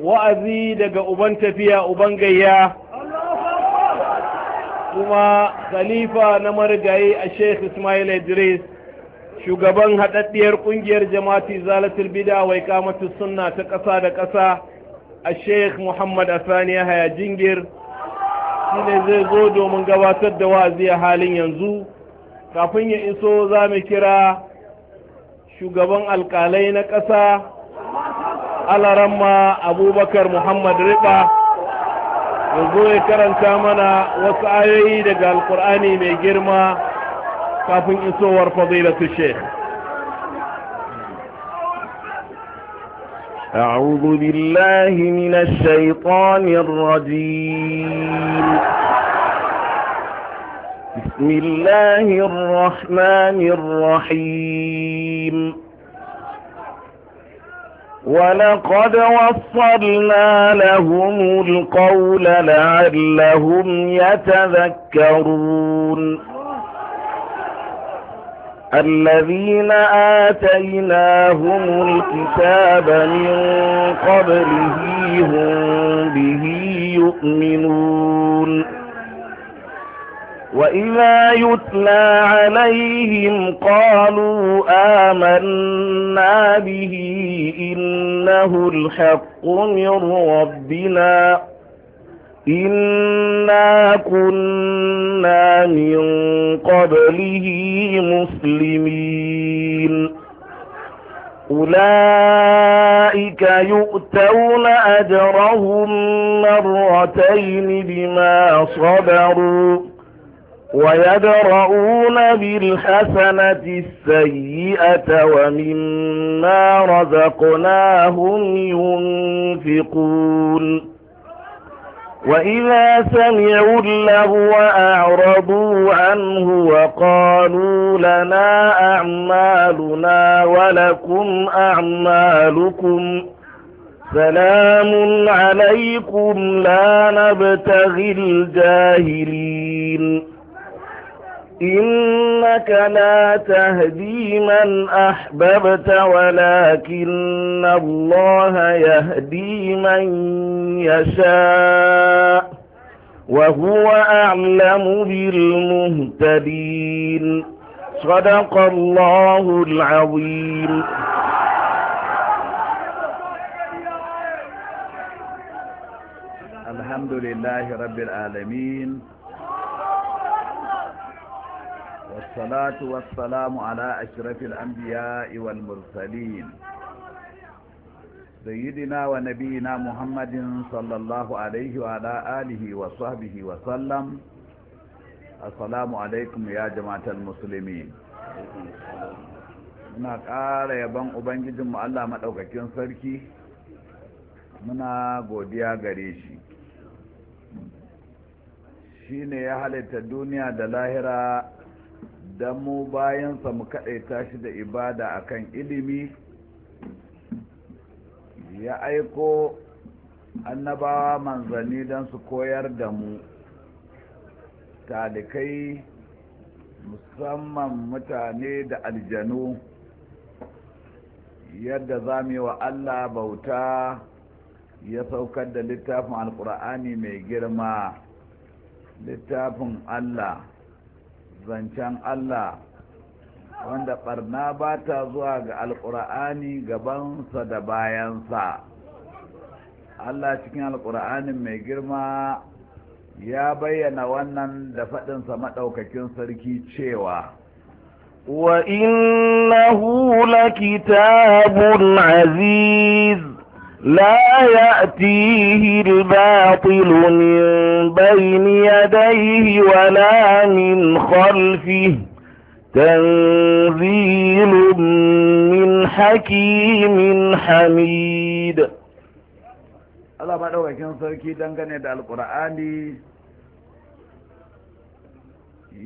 wa'azi daga uban tafiya uban gayya kuma khalifa na marigayi a sheikh ismail idris shugaban haɗaɗɗiyar ƙungiyar jama'ati zalatul bida wai kamatu sunna ta ƙasa da ƙasa a sheikh muhammad asani haya jingir shi ne zai zo domin gabatar da wa'azi a halin yanzu kafin ya iso za mu kira shugaban alƙalai na ƙasa alarama abubakar muhammad riba yanzu ya karanta mana wasu ayoyi daga alkur'ani mai girma kafin isowar fadilatu sheikh أعوذ بالله من الشيطان الرجيم بسم الله الرحمن الرحيم ولقد وصلنا لهم القول لعلهم يتذكرون الذين آتيناهم الكتاب من قبله هم به يؤمنون وإذا يتلى عليهم قالوا آمنا به إنه الحق من ربنا إنا كنا من قبله مسلمين أولئك يؤتون أجرهم مرتين بما صبروا ويدرؤون بالحسنة السيئة ومما رزقناهم ينفقون وإذا سمعوا له أعرضوا عنه وقالوا لنا أعمالنا ولكم أعمالكم سلام عليكم لا نبتغي الجاهلين إنك لا تهدي من أحببت ولكن الله يهدي من يشاء وهو أعلم بالمهتدين صدق الله العظيم الحمد لله رب العالمين والصلاة والسلام على أشرف الأنبياء والمرسلين سيدنا ونبينا محمد صلى الله عليه وعلى آله وصحبه وسلم السلام عليكم يا جماعة المسلمين muna ƙara yaban ubangijinmu Allah maɗaukakin sarki muna godiya gare shi shi ne ya halitta duniya da lahira don mu bayansa mu kaɗaita shi da ibada akan ilimi ya aiko annabawa manzanni don su koyar da mu talikai musamman mutane da aljanu yadda za mu yi wa allah bauta ya saukar da littafin alkur'ani mai girma littafin allah zancen Allah wanda barna ba ta zuwa ga gaban gabansa da bayansa Allah cikin alkur'anin mai girma ya bayyana wannan da faɗinsa maɗaukakin sarki cewa wa innahu lakitabun aziz لا يأتيه الباطل من بين يديه ولا من خلفه تنزيل من حكيم حميد Allah maɗaukakin sarki dangane da alƙur'ani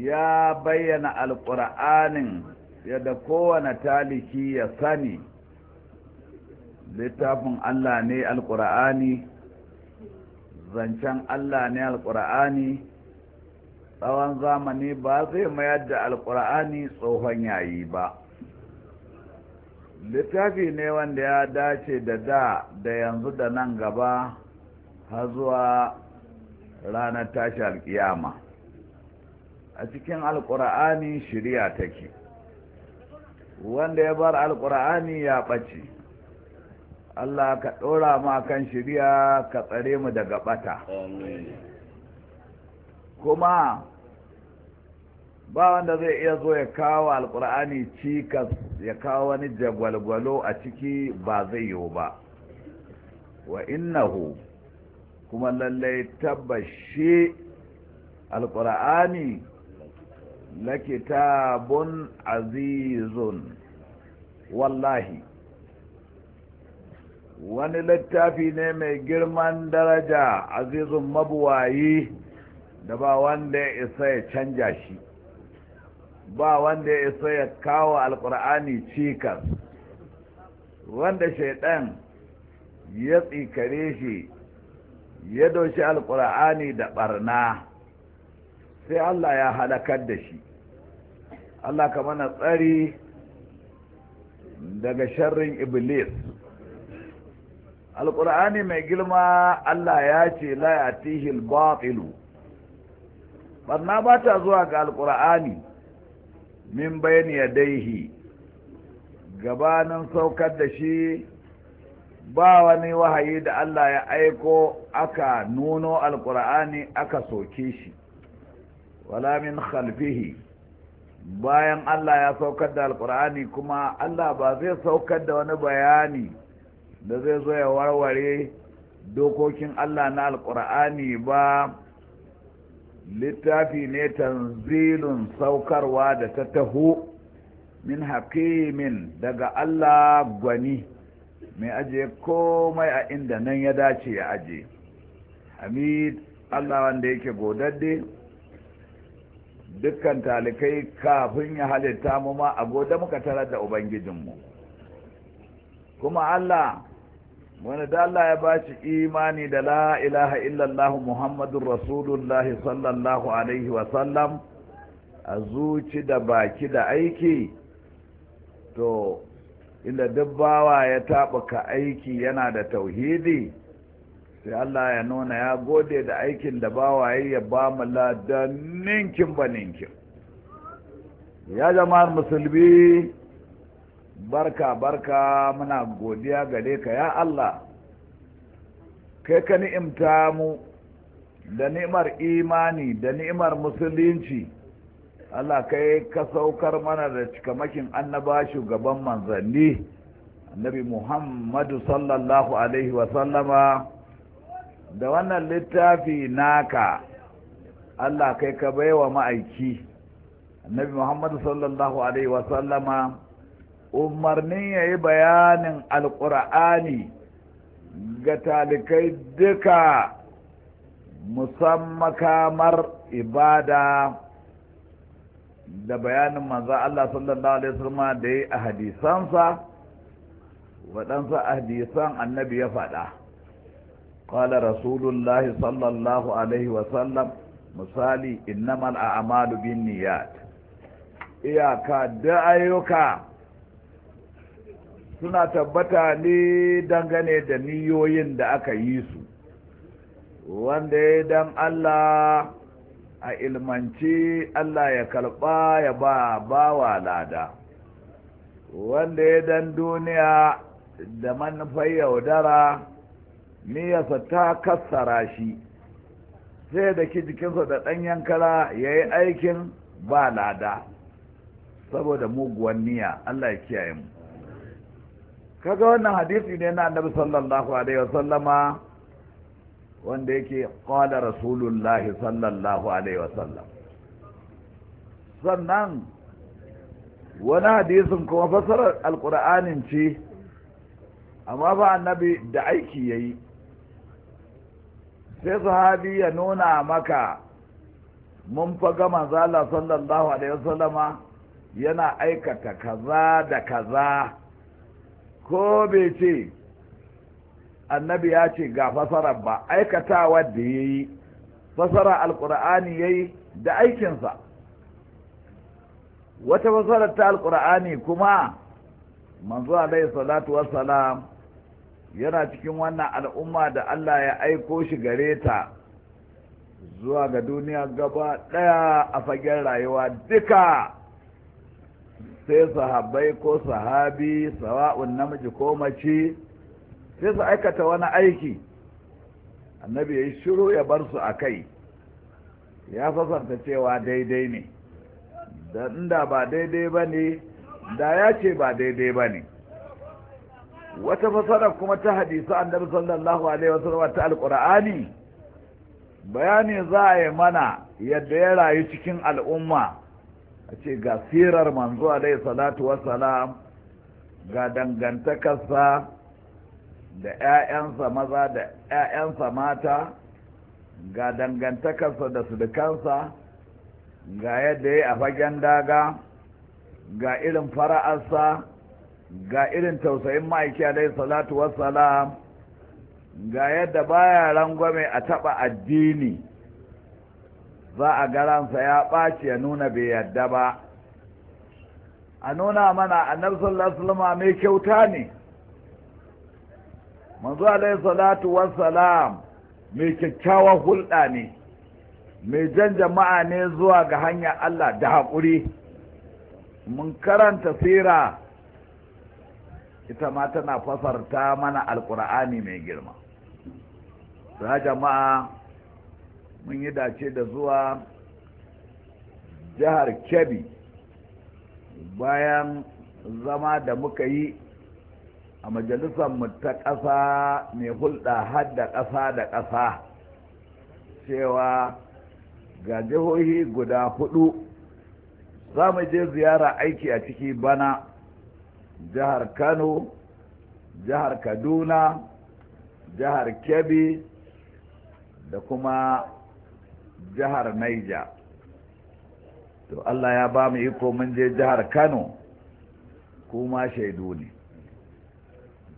ya bayyana alƙur'anin yadda kowane taliki ya sani littafin Allah ne alƙura'ani zancen Allah ne alƙura'ani tsawon zamani ba zai mayar da alƙura'ani tsohon yayi ba littafi ne wanda ya dace da da da yanzu da nan gaba har zuwa ranar tashi alƙiyama a cikin alƙura'ani shirya take wanda ya bar alƙura'ani ya ɓace Allah ka ɗora mu kan shirya ka tsare mu daga ɓata kuma ba wanda zai iya zo ya kawo alƙur'ani cikas ya kawo wani jagwalgwalo a ciki ba zai yiwu ba wa innahu kuma lallai tabbashi alkur'ani la kitabun azizun wallahi wani littafi ne mai girman daraja azizun mabuwayi da ba wanda ya isa ya canja shi ba wanda ya isa ya kawo alkur'ani cikas wanda shaidan ya tsikare shi ya doshi alkur'ani da barna sai Allah ya halakar da shi Allah ka mana tsari daga sharrin iblis alƙur'ani mai gilma Allah ya ce la ya tihil batilu barna ba ta zuwa ga alƙur'ani min bayani ya daihi gabanin saukar da shi ba wani wahayi da Allah ya aiko aka nuno alƙur'ani aka soke shi wala min khalfihi bayan Allah ya saukar da alƙur'ani kuma Allah ba zai saukar da wani bayani da zai zo ya warware dokokin Allah na alkur'ani ba littafi ne tanzilun saukarwa da ta taho min hakimin daga Allah gwani mai aje komai a inda nan ya dace ya aje hamid Allah wanda yake godadde dukkan talikai kafin ya halitta mu ma a goda muka tarar da ubangijinmu kuma Allah wani da Allah ya bashi imani da la ilaha illallah muhammadun rasulullah sallallahu alaihi wasallam a zuci da baki da aiki to inda dabbawa ya taɓuka aiki yana da tauhidi sai Allah ya nuna ya gode da aikin da bawa ya ba mu ladan ninkin ba ninkin ya jama'ar musulmi barka barka muna godiya gare ka ya Allah kai ka ni'imta mu da ni'imar imani da ni'imar musulunci Allah kai ka saukar mana da cikamakin annaba shugaban manzanni annabi Muhammadu sallallahu alaihi wasallama da wannan littafi naka Allah kai ka baiwa ma'aiki annabi Muhammadu sallallahu alaihi wasallama umarnin ya yi bayanin alƙur'ani ga talikai duka musamman kamar ibada da bayanin manzan Allah sallallahu Alaihi wasallam da ya yi a hadisansa waɗansa a hadisan annabi ya faɗa قال رسول الله صلى الله عليه وسلم misali innamal a'malu binniyat iyaka da ayyuka suna tabbata ne dangane da niyoyin da aka yi su wanda ya dan Allah a ilmanci Allah ya kalba ya ba bawa lada wanda ya dan duniya da manufa yaudara niyarsa ta kassara shi sai da ki jikinsa da ɗan yankara ya yi aikin ba lada saboda muguwan niyya Allah ya kiyaye mu kaga wannan hadisi ne na annabi sallallahu alaihi sallama, wanda yake qala rasulullahi sallallahu alaihi wasallam sannan wani hadisin kuma fasara alkur'anin ce amma ba annabi da aiki yayi sai sahabi ya nuna maka mun faga manzala sallallahu alaihi wasallama yana aikata kaza da kaza ko bai ce annabi ya ce ga fasarar ba aikatawa da ya yi fasara alkur'ani ya yi da aikinsa wata fasarar ta alkur'ani kuma manzo alaihi salatu wassalam yana cikin wannan al'umma da Allah ya aiko shi gare ta zuwa ga duniya gaba ɗaya a fagen rayuwa duka sai sahabbai ko sahabi sawa'un namiji ko mace sai su aikata wani aiki annabi ya yi shiru ya bar su a kai ya fasanta cewa daidai ne da inda ba daidai ba ne da ya ce ba daidai ba ne wata fasara kuma ta hadisa annabi sallallahu alaihi wasallam ta alkur'ani bayani za a yi mana yadda ya rayu cikin al'umma a ce ga sirar manzo dai salatu wassalam ga dangantakarsa da 'ya'yansa maza da 'ya'yansa mata ga dangantakarsa da sudukansa ga yadda ya a fagen daga ga irin fara'arsa ga irin tausayin ma'aiki dai salatu wassalam ga yadda baya rangwame a taɓa addini za a garansa ya ɓaci ya nuna bai yarda ba a nuna mana annabi sallallahu alaihi mai kyauta ne manzo alaihi salatu wassalam mai kyakkyawar hulɗa ne mai jan jama'a ne zuwa ga hanyar Allah da haƙuri mun karanta sira ita ma tana fasarta mana alƙur'ani mai girma ta jama'a mun yi dace da zuwa jihar kebbi bayan zama da muka yi a mu ta ƙasa mai hulɗa hadda ƙasa da ƙasa cewa ga jihohi guda hudu za mu je ziyara aiki a ciki bana jihar kano jihar kaduna jihar kebbi da kuma jihar naija to Allah ya ba mu iko mun je jihar kano kuma shaidu ne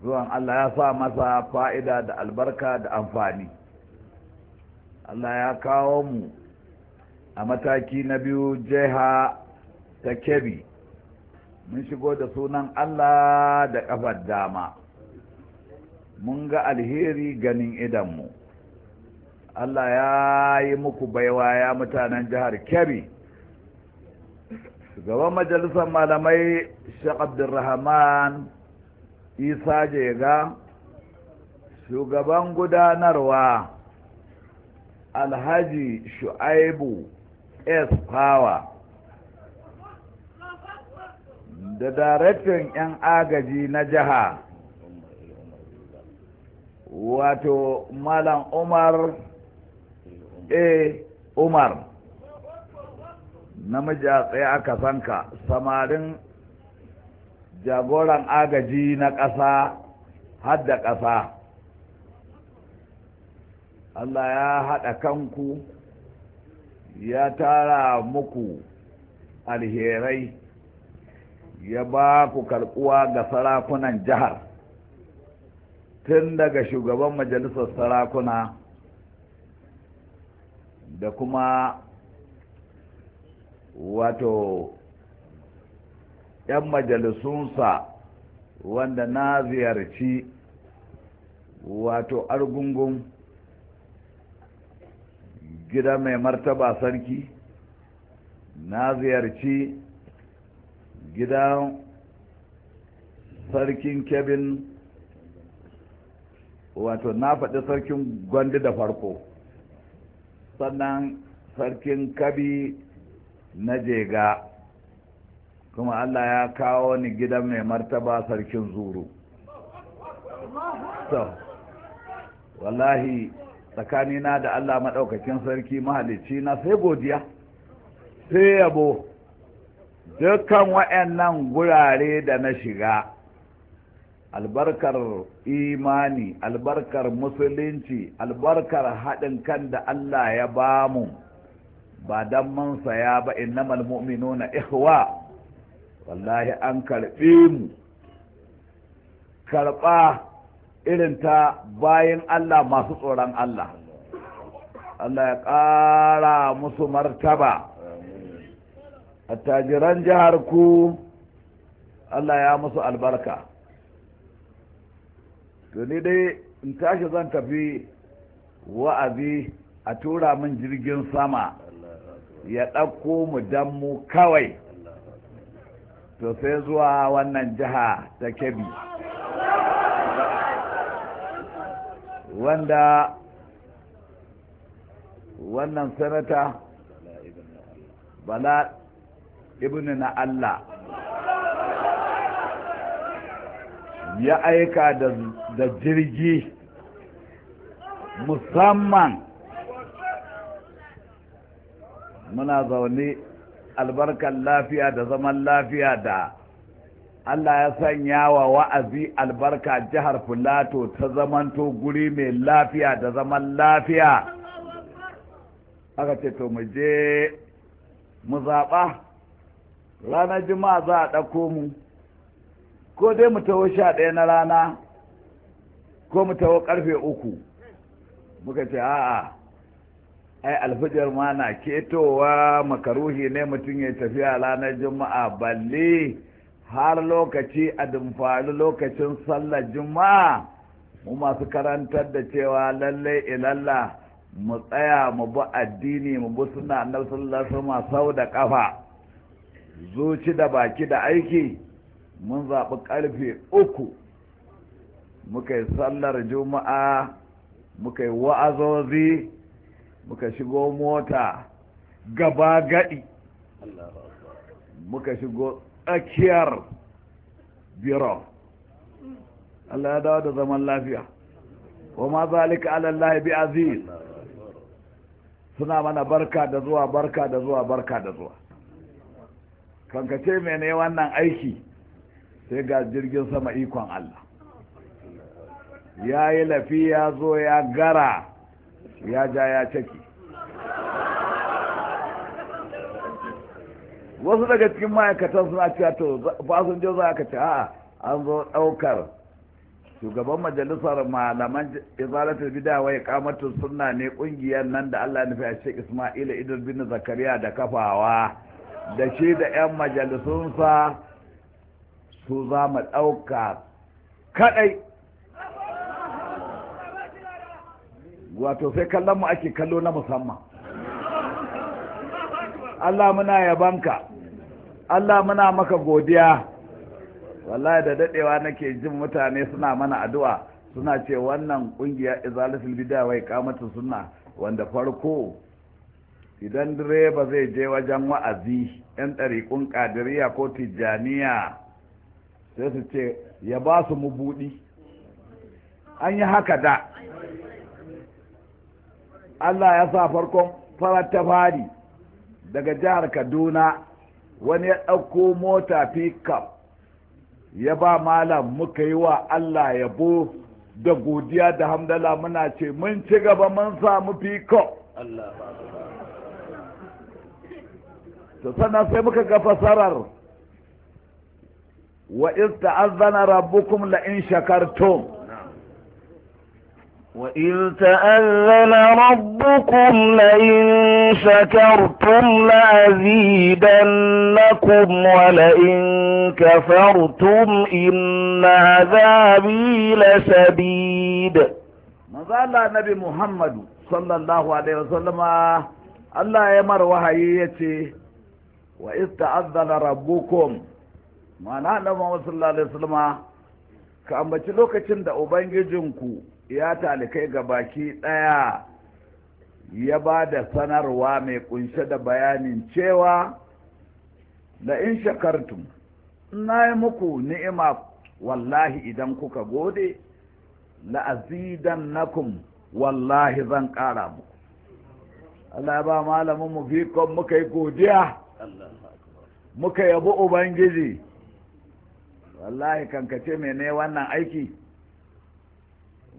zuwan Allah ya sa masa fa'ida da albarka da amfani Allah ya kawo mu a mataki na biyu jiha ta kebi mun shigo da sunan Allah da ƙafar dama mun ga alheri ganin idanmu Allah ya yi muku baiwa ya mutanen jihar Kebbi gaban majalisar malamai Sheikh Abdulrahman Isa Jega shugaban gudanarwa Alhaji Shu'aibu S Power da daraktan 'yan agaji na jiha wato Malam Umar E umar namiji a tsaye aka sanka samarin jagoran agaji na ƙasa hadda ƙasa Allah ya haɗa kanku ya tara muku alherai ya ba ku karɓuwa ga sarakunan jihar tun daga shugaban majalisar sarakuna da kuma wato ‘yan majalisunsa wanda na ziyarci wato argungun gida mai martaba sarki na ziyarci gidan sarkin kebin wato na faɗi sarkin gwandi da farko sannan sarkin kabi na jega kuma Allah ya kawo ni gidan mai martaba sarkin zuru so wallahi tsakanina da Allah maɗaukakin sarki mahalicci na sai godiya sai yabo dukkan wa'annan gurare da na shiga albarkar imani albarkar musulunci albarkar haɗin kan da Allah ya ba mu ba don man saya ba innamal mu'minuna ihwa wallahi an karɓe mu karɓa irin ta bayan Allah masu tsoron Allah Allah ya ƙara musu martaba attajiran jihar ku Allah ya musu albarka to ni dai in tashi zan tafi wa'azi a tura min jirgin sama ya ɗauko mu dan mu kawai to sai zuwa wannan jiha ta kebi wanda wannan sanata bala ibnu na Allah ya aika da jirgi musamman muna zaune albarkar lafiya da zaman lafiya da Allah ya sanya wa wa'azi albarka jihar Filato ta zamanto guri mai lafiya da zaman lafiya aka ce to mu je mu zaɓa ranar juma'a za a ɗauko mu ko dai mu taho sha ɗaya na rana ko mu taho ƙarfe uku muka ce a'a ai alfijar ma na ketowa makaruhi ne mutum ya tafiya ranar juma'a balle har lokaci a dumfari lokacin sallar juma'a mu masu karantar da cewa lallai ilallah mu tsaya mu bi addini mu bi suna na sallar sama sau da kafa zuci da baki da aiki mun zaɓi ƙarfe uku muka yi sallar juma'a muka yi wa'azozi muka shigo mota gaba gaɗi muka shigo tsakiyar biro Allah ya dawo da zaman lafiya wa ma zalika ala bi aziz suna mana barka da zuwa barka da zuwa barka da zuwa kankace mene wannan aiki sai ga jirgin sama ikon Allah ya yi lafi ya zo ya gara ya ja ya cake. wasu daga cikin ma'aikatan suna cewa to je za ka ce a'a an zo ɗaukar shugaban majalisar malaman izalatul bid'a wa iqamatus sunna ne kungiyar nan da Allah nufi a isma'ila Isma'il Idris bin Zakariya da kafawa da shi da 'yan majalisunsa su za mu ɗauka kaɗai wato sai kallon mu ake kallo na musamman Allah muna yabanka Allah muna maka godiya wallahi da dadewa nake jin mutane suna mana addu'a suna ce wannan kungiya izalatul bid'a wai kamatu sunna wanda farko idan direba zai je wajen wa'azi yan ɗariƙun ƙadiriya ko tijjaniya sai su ce ya ba su buɗi an yi haka da Allah ya sa farkon farar ta fari daga jihar Kaduna wani ya ɗauko mota pickup ya ba malam muka yi wa Allah yabo da godiya da hamdala muna ce mun ci gaba mun samu pickup Allah ba sai muka ga fasarar وإذ تأذن ربكم لئن شكرتم وإذ تأذن ربكم لئن شكرتم لأزيدنكم ولئن كفرتم إن عذابي لشديد قال النبي محمد صلى الله عليه وسلم الله يمر وهي يتي وإذ تأذن ربكم mana annabi Muhammad sallallahu alaihi wasallam ka ambaci lokacin da ubangijinku ya talikai ga baki daya ya ba da sanarwa mai kunshe da bayanin cewa la in shakartum na yi muku ni'ima wallahi idan kuka gode la azidannakum wallahi zan kara muku Allah ba malamin mu fikon muka yi godiya muka yabi ubangiji wallahi kankace mai ne wannan aiki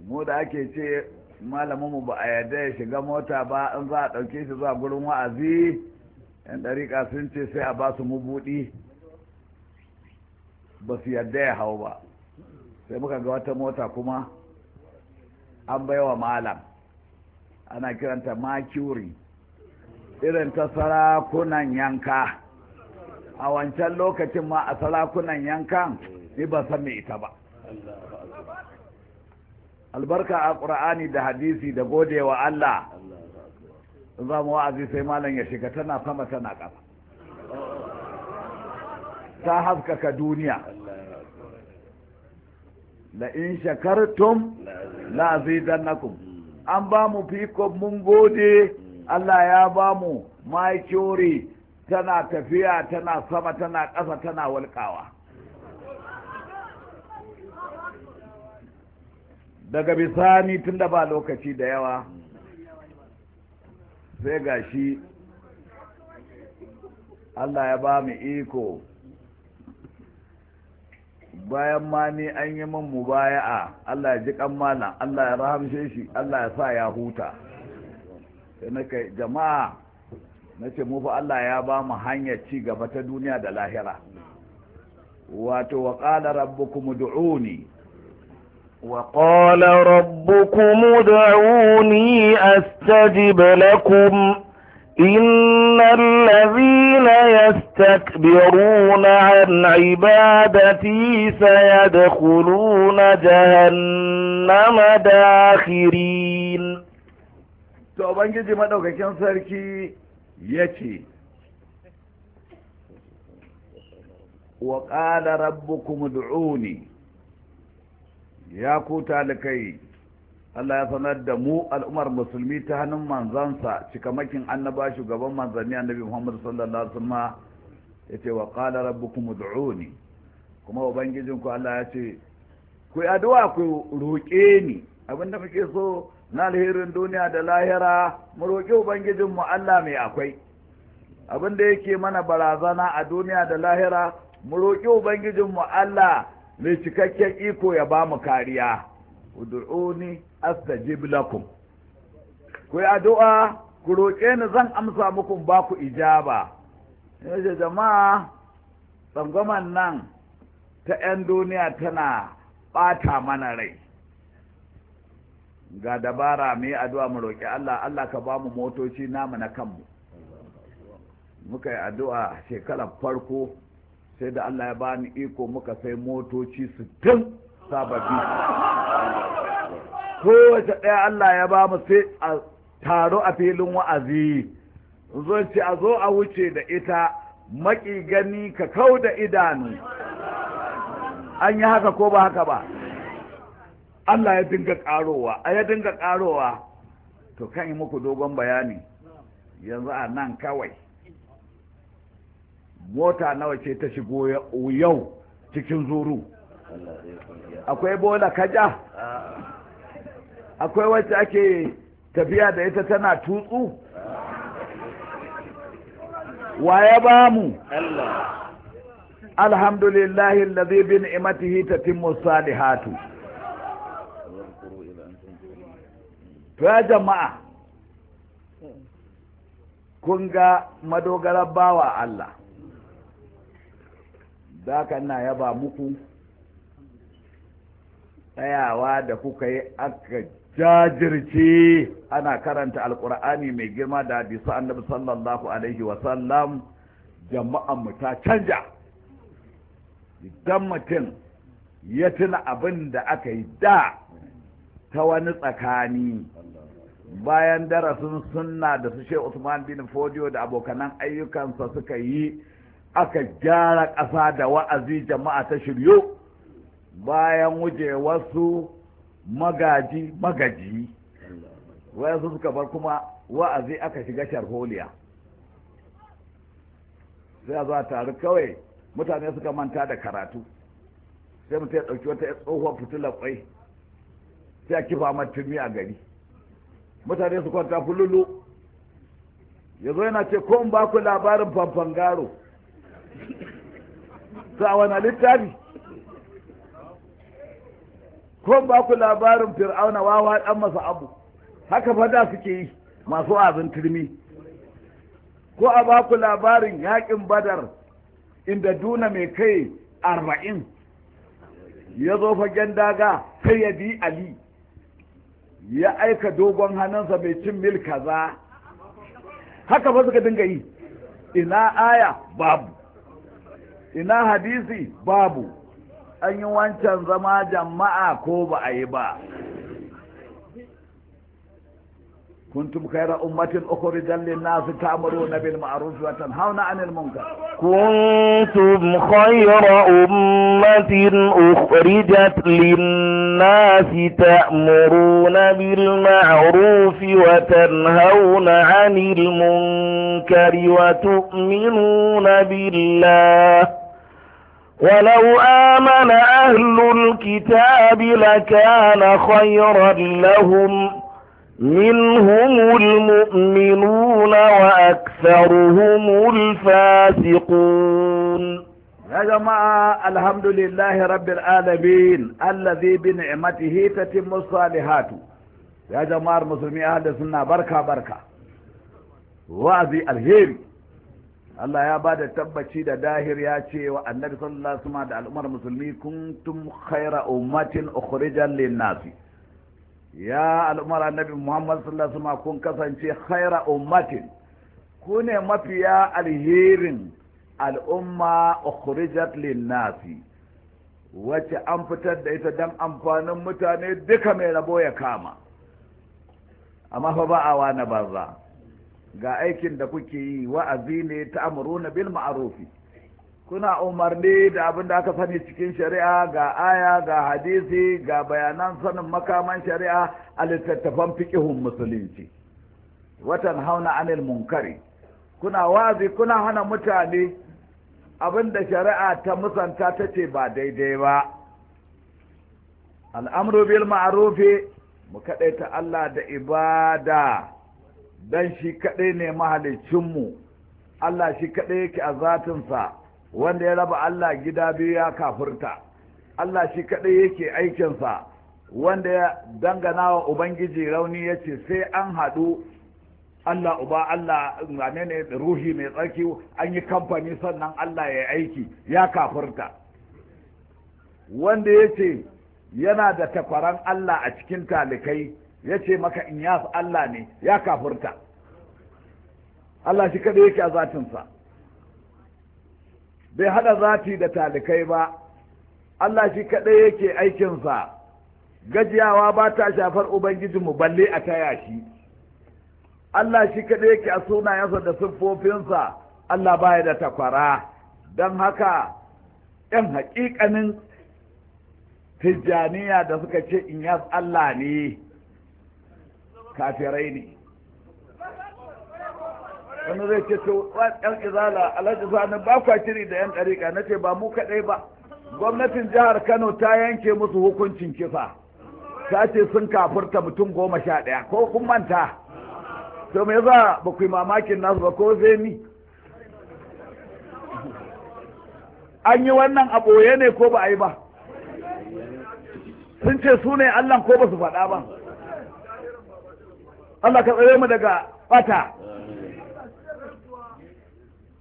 mu da ake ce malamin mu ba a yarda ya shiga mota ba in za a ɗauke shi zuwa gurin wa'azi yan ɗarika sun ce sai a ba su buɗi ba su yarda ya hau ba sai muka ga wata mota kuma an baiwa malam ana kiranta makuri irin ta sarakunan yanka a wancan lokacin ma a salakunan yankan ni ba san me ita ba albarka a ƙura'ani da hadisi da gode wa Allah za mu wa'azi sai malam ya shiga tana sama tana ƙasa ta haskaka duniya la in shakartum la zidannakum an ba mu fiko mun gode Allah ya ba mu mai tana tafiya tana sama tana ƙasa tana walƙawa daga bisani tun da ba lokaci da yawa sai ga shi Allah ya ba mu iko bayan ma ni an yi min mubaya'a Allah ya ji kammala Allah ya rahamshe shi Allah ya sa ya huta sai na kai jama'a na ce mu fa Allah ya ba mu hanyar ci gaba ta duniya da lahira wato wa qala rabbukum ud'uni wa qala rabbukum ud'uni astajib lakum إن الذين يستكبرون عن عبادتي سيدخلون جهنم داخرين to ubangiji madaukakin sarki Yace ce wa ƙada rabbukum du'uni ya ku kai Allah ya sanar da mu al'umar musulmi ta hannun manzansa cikamakin annaba shugaban manzanni annabi Muhammad sallallahu alaihi wasallam ya ce wa qala rabbukum ud'uni kuma ubangijinku Allah ya ce ku addu'a ku roƙe ni abinda muke so na alherin duniya da lahira mu roƙi ubangijinmu Allah mai akwai abin da yake mana barazana a duniya da lahira mu roƙi ubangijinmu Allah mai cikakken iko ya ba mu kariya ud'uni astajib lakum ku yi addu'a ku roƙe ni zan amsa muku ba ku ijaba yaje jama'a tsangwaman nan ta 'yan duniya tana ɓata mana rai ga dabara mai addu'a mu roƙi Allah Allah ka ba mu motoci namu na kanmu muka yi addu'a shekarar farko sai da Allah ya bani iko muka sai motoci 60 sababbi kowace ɗaya Allah ya ba mu sai a taro a filin wa'azi zo ce a zo a wuce da ita maki gani ka kau da idanu an yi haka ko ba haka ba Allah ya dinga ƙarowa a ya dinga ƙarowa to kan yi muku dogon bayani yanzu a nan kawai mota nawa ce ta shigo yau cikin zuru akwai bola kaja akwai wacce ake tafiya da ita tana tutsu waye ba mu alhamdulillahi lazi bin imatihi tatimmu salihatu to ya jama'a kun ga madogarar bawa Allah za ka na yaba muku tsayawa da kuka yi aka jajirce ana karanta alkur'ani mai girma da hadisi annabi sallallahu alaihi wasallam jama'an mu ta canja idan mutum ya tuna abin da aka yi da ta wani tsakani bayan darasin sunna da su she Usman bin Fodio da abokanan ayyukansa suka yi aka gyara ƙasa da wa'azi jama'a ta shiryo bayan wuje wasu magaji magaji wayansu suka bar kuma wa'azi aka shiga sharholiya sai a zuwa tare kawai mutane suka manta da karatu sai mutum ya ɗauki wata tsohuwar fitilar kwai sai a kifa matumi a gari mutane su kwanta fululu ya zo yana ce ko in ba ku labarin fanfangaro sa wani littafi ko ba ku labarin fir'auna wawa dan masa abu haka fada suke yi masu abin turmi ko a ba ku labarin yakin badar inda duna mai kai arba'in ya zo fagen daga sai ya bi ali ya aika dogon hannunsa mai cin mil kaza haka ba suka dinga yi ina aya babu ina hadisi babu an yi wancan zama jama'a ko ba a yi ba كنتم خير أمة أخرجا للناس تأمرون بالمعروف وتنهون عن المنكر كنتم خير أمة أخرجت للناس تأمرون بالمعروف وتنهون عن المنكر وتؤمنون بالله ولو آمن أهل الكتاب لكان خيرا لهم منهم المؤمنون وأكثرهم الفاسقون يا جماعة الحمد لله رب العالمين الذي بنعمته تتم الصالحات يا جماعة المسلمين أهل السنة بركة بركة وعزي الهيم الله يا بعد التبتشي دا داهر يا شيء وأن النبي صلى الله عليه وسلم على أمر المسلمين كنتم خير أمة أخرجا للناس ya al'umar annabi muhammad sallallahu alaihi kun kasance khaira ummatin ku ne mafiya alherin al'umma ukhrijat Linnasi wacce an fitar da ita don amfanin mutane duka mai rabo ya kama amma fa ba awa na banza ga aikin da kuke yi wa'azi ne ta amuruna bil ma'arufi kuna umarni da abin da aka sani cikin shari'a ga aya ga hadisi ga bayanan sanin makaman shari'a a littattafan fikihun musulunci watan hauna anil munkari kuna wazi kuna hana mutane abin da shari'a ta musanta ta ce ba daidai ba al'amru bil ma'arufi mu kaɗai ta Allah da ibada don shi kaɗai ne mahalicinmu Allah shi kaɗai yake a zatinsa wanda ya raba Allah gida biyu ya kafurta Allah shi kaɗai yake aikinsa wanda ya dangana wa Ubangiji rauni ya ce sai an haɗu Allah uba Allah ne ne ruhi mai tsarki an yi kamfani sannan Allah ya aiki ya kafurta wanda ya ce yana da takwaran Allah a cikin talikai ya ce maka in Allah ne ya kafurta Allah shi kaɗai yake a zatinsa bai hada zati da talikai ba Allah shi kaɗai yake aikinsa gajiyawa ba ta shafar mu balle a taya shi Allah shi kaɗai yake a sunayensa da siffofinsa Allah baya da takwara don haka ‘yan haƙiƙanin tijjaniya da suka ce in Allah ne kafirai ne wani zai ce to yan izala alhaji sani ba kwa kiri da yan ɗariƙa na ce ba mu kaɗai ba gwamnatin jihar kano ta yanke musu hukuncin kisa ta ce sun kafurta mutum goma sha ɗaya ko kun manta to me yasa ba ku yi mamakin nasu ba ko zai ni an yi wannan a ɓoye ne ko ba a yi ba sun ce su ne allah ko ba su faɗa ba allah ka tsare mu daga ɓata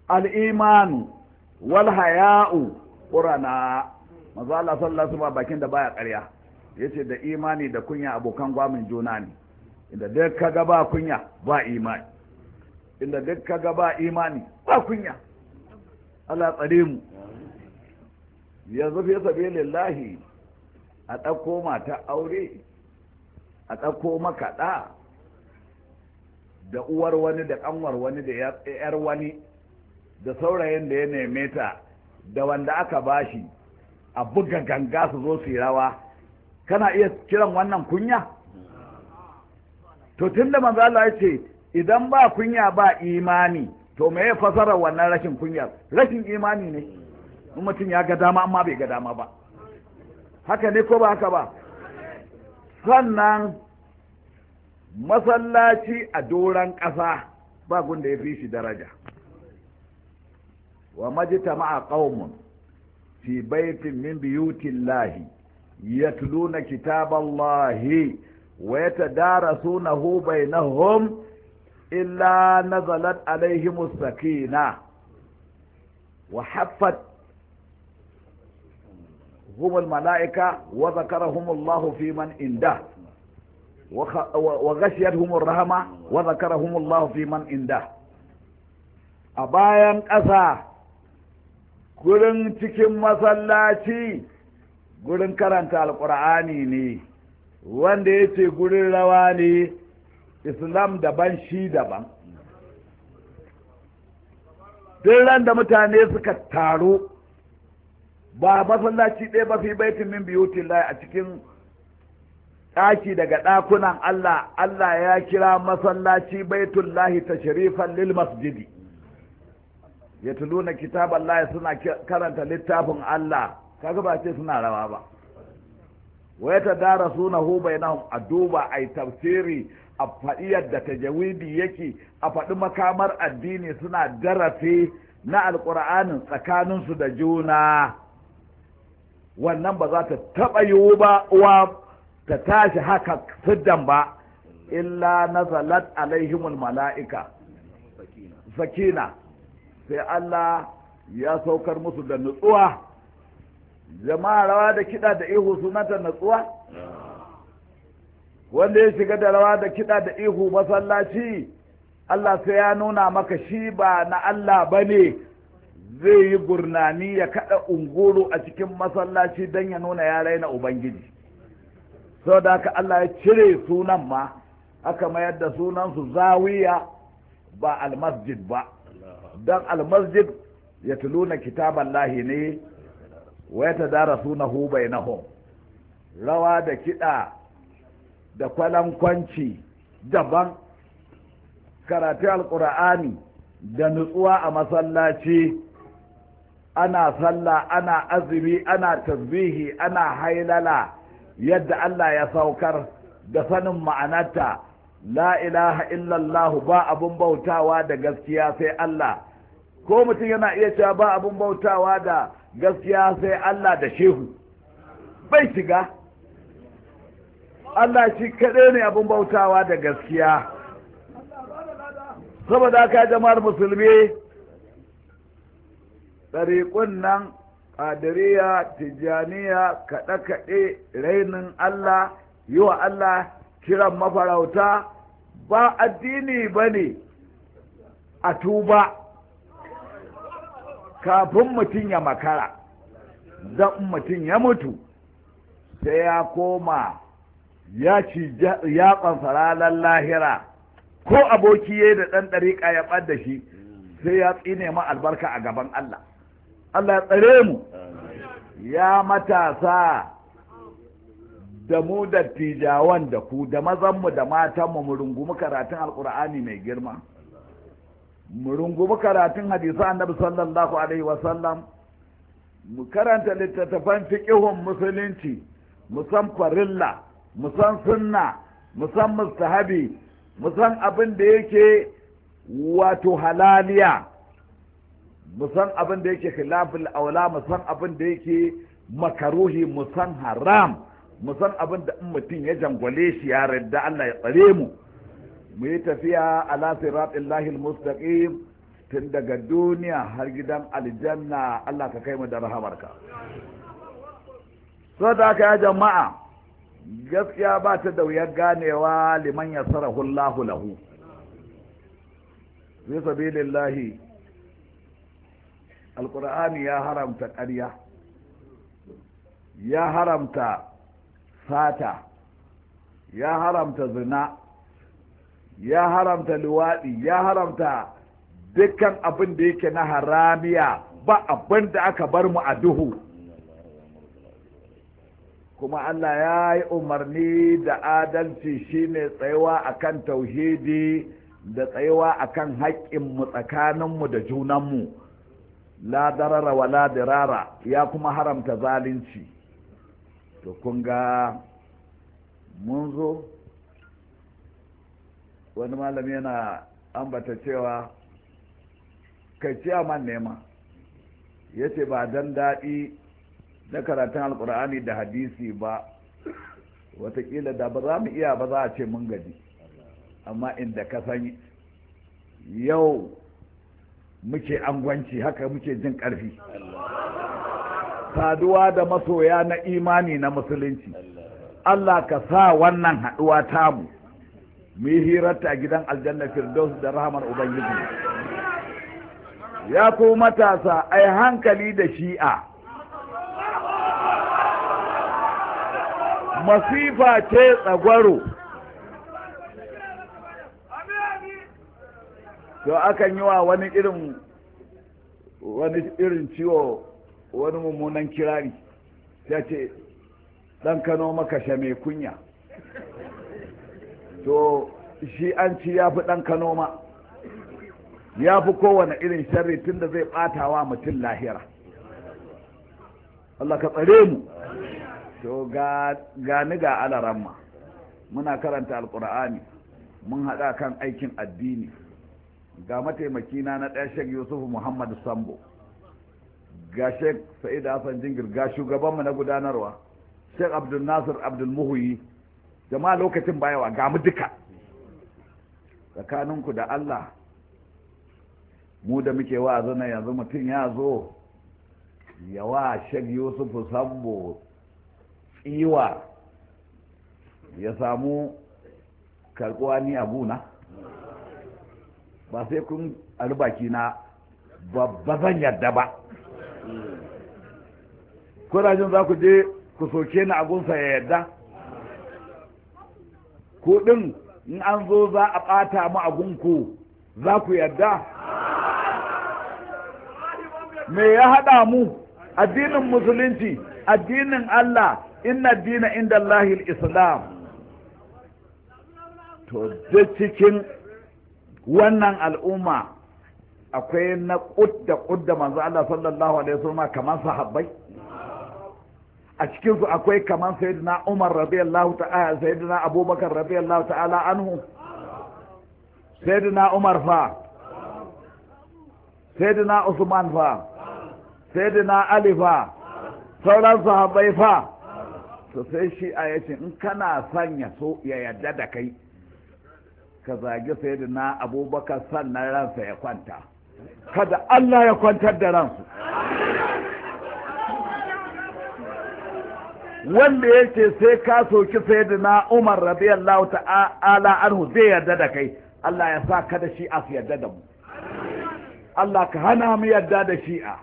al'imanu wal haya'u ƙurana maza Allah sallallahu alaihi bakin da baya ƙarya yace da imani da kunya abokan gwamin juna ne inda duk kaga ba kunya ba imani inda duk kaga ba imani ba kunya Allah tsare mu Ya ya fi lillahi. a ɗauko mata aure a ɗauko makaɗa da uwar wani da ƙanwar wani da ‘yar wani da saurayin da ya neme ta da wanda aka bashi a buga ganga su zo su yi rawa kana iya kiran wannan kunya to tun da manzo ya ce idan ba kunya ba imani to me ya fasara wannan rashin kunya rashin imani ne in mutum ya ga dama amma bai ga dama ba haka ne ko ba haka ba sannan masallaci a doron ƙasa ba gunda ya fi shi daraja ومجتمع قوم في بيت من بيوت الله يتلون كتاب الله ويتدارسونه بينهم إلا نزلت عليهم السكينة وحفت هم الملائكة وذكرهم الله في من عنده وغشيتهم الرحمة وذكرهم الله في من عنده أبايا أسا gurin cikin masallaci gurin karanta alkur'ani ne wanda ya ce gurin rawa ne islam daban shi daban duk ran da mutane suka taru ba masallaci ɗaya ba fi baitin min biyutin a cikin ɗaki daga ɗakunan Allah Allah ya kira masallaci baitullahi tashrifan lil masjidi ya tuluna kitab Allah suna karanta littafin Allah kaga ba ce suna rawa ba wa ta dara suna hu bainahum a duba a yi tafsiri a faɗi yadda jawidi yake a faɗi makamar addini suna darasi na alƙur'anin tsakaninsu da juna wannan ba za ta taɓa yiwu ba uwa ta tashi haka siddan ba illa na zalat alaihimul mala'ika sakina sai Allah ya saukar musu da nutsuwa jama'a rawa da kiɗa da ihu sunanta nutsuwa wanda ya shiga da rawa da kiɗa da ihu masallaci Allah sai ya nuna maka shi ba na Allah bane zai yi gurnani ya kaɗa unguru a cikin masallaci don ya nuna ya raina Ubangiji sau da haka Allah ya cire sunan ma aka mayar da sunansu zawiya ba almasjid ba don almasjid ya tuluna kitaban lahi ne wa ya tadara sunahu bai rawa da kiɗa da kwalankwanci daban karatu alkur'ani da nutsuwa a masallaci ana sallah ana azumi ana tasbihi ana hailala yadda Allah ya saukar da sanin ma'anarta la ilaha illallah ba abun bautawa da gaskiya sai Allah ko mutum yana iya cewa ba abin bautawa da gaskiya sai Allah da shehu bai shiga Allah shi kaɗai ne abin bautawa da gaskiya saboda yi jama'ar musulmi ɗariƙun nan ƙadiriya tijjaniya kaɗe-kaɗe rainin Allah yi wa Allah kiran mafarauta ba addini ba ne a tuba kafin mutum ya makara zan mutum ya mutu sai ya koma ya ci ya ranar lahira ko aboki ya da ɗan ɗariƙa ya ɓadda shi sai ya tsine ma albarka a gaban Allah Allah ya tsare mu ya matasa da mu da tijawan da ku da mazanmu da matanmu mu rungumi karatun alkur'ani mai girma mu rungumi karatun hadisa annabi sallallahu alaihi wasallam mu karanta littattafan fiƙihun musulunci mu san farilla mu san sunna mu san mustahabi mu san abin da yake wato halaliya mu san abin da yake khilafin aula mu san abin da yake makaruhi mu san haram mu san abin da in mutum ya jangwale shi ya radda Allah ya tsare mu mu yi tafiya a ala siratillahi almustaqim tun daga duniya har gidan aljanna Allah ka kai mu da rahamarka so da aka ya jama'a gaskiya ba ta da wuyar ganewa liman ya sara Allahu lahu sabi sabilillahi alqur'ani ya haramta ƙarya ya haramta sata, ya haramta zina ya haramta luwaɗi ya haramta dukkan abin da yake na haramiya ba abin da aka bar mu a duhu kuma Allah ya yi umarni da adalci shine tsayawa akan tauhidi da tsayawa akan haƙƙinmu tsakaninmu da junanmu la darara wa la dirara ya kuma haramta zalunci to kun ga mun zo wani malami yana ambata cewa kai man nema ya ce ba dan daɗi na karatun alkur'ani da hadisi ba watakila da ba za mu iya ba za a ce mun gaji amma inda ka san yau muke angwanci haka muke jin ƙarfi saduwa da masoya na imani na musulunci Allah ka sa wannan haɗuwa tamu mu yi hirarta a gidan aljanna firdaus da rahamar ubangiji ya ku matasa ai hankali da shi'a masifa ce tsagwaro to akan yi wa wani irin wani irin ciwo wani mummunan kirari ya ce ɗan kano maka shame kunya to shi an ci ya fi ɗan kano ma ya fi kowane irin sharri tun da zai ɓatawa mutum lahira Allah ka tsare mu to ga ni ga alaramma muna karanta alkur'ani mun haɗa kan aikin addini ga mataimakina na ɗaya shek yusuf muhammad sambo ga shek sa'id hassan jingir ga shugabanmu na gudanarwa shek Abdulnasir Abdulmuhuyi. jama'a lokacin bayawa ga mu duka tsakaninku da Allah mu da muke wa zana yanzu mutum ya zo yawa shag yusufu sambo tsiwa ya samu karkuwa ni abuna ba sai kun albaki na babba zan yadda ba kurajin za ku je ku soke ni abunsa ya yadda ko ɗin in an zo za a ɓata mu a gunku za ku yarda me ya haɗa mu addinin musulunci addinin Allah inna dina inda Allahil Islam to da cikin wannan al'umma akwai na ƙudda ƙudda manzo Allah sallallahu alaihi wasallam kamar sahabbai a cikin su akwai kaman sayyidina Umar radiyallahu ta'ala sayyidina Abubakar radiyallahu ta'ala anhu sayyidina Umar fa sayyidina Usman fa sayyidina Ali fa sauran sahabbai fa to sai shi a yace in kana son ya so ya yadda da kai ka zagi sayyidina Abubakar sannan ransa ya kwanta kada Allah ya kwantar da ransu wanda ya ce sai ka soki sayyidina Umar radiyallahu ta'ala anhu zai yarda da kai Allah ya sa ka da shi'a a yarda da mu Allah ka hana mu yarda da shi'a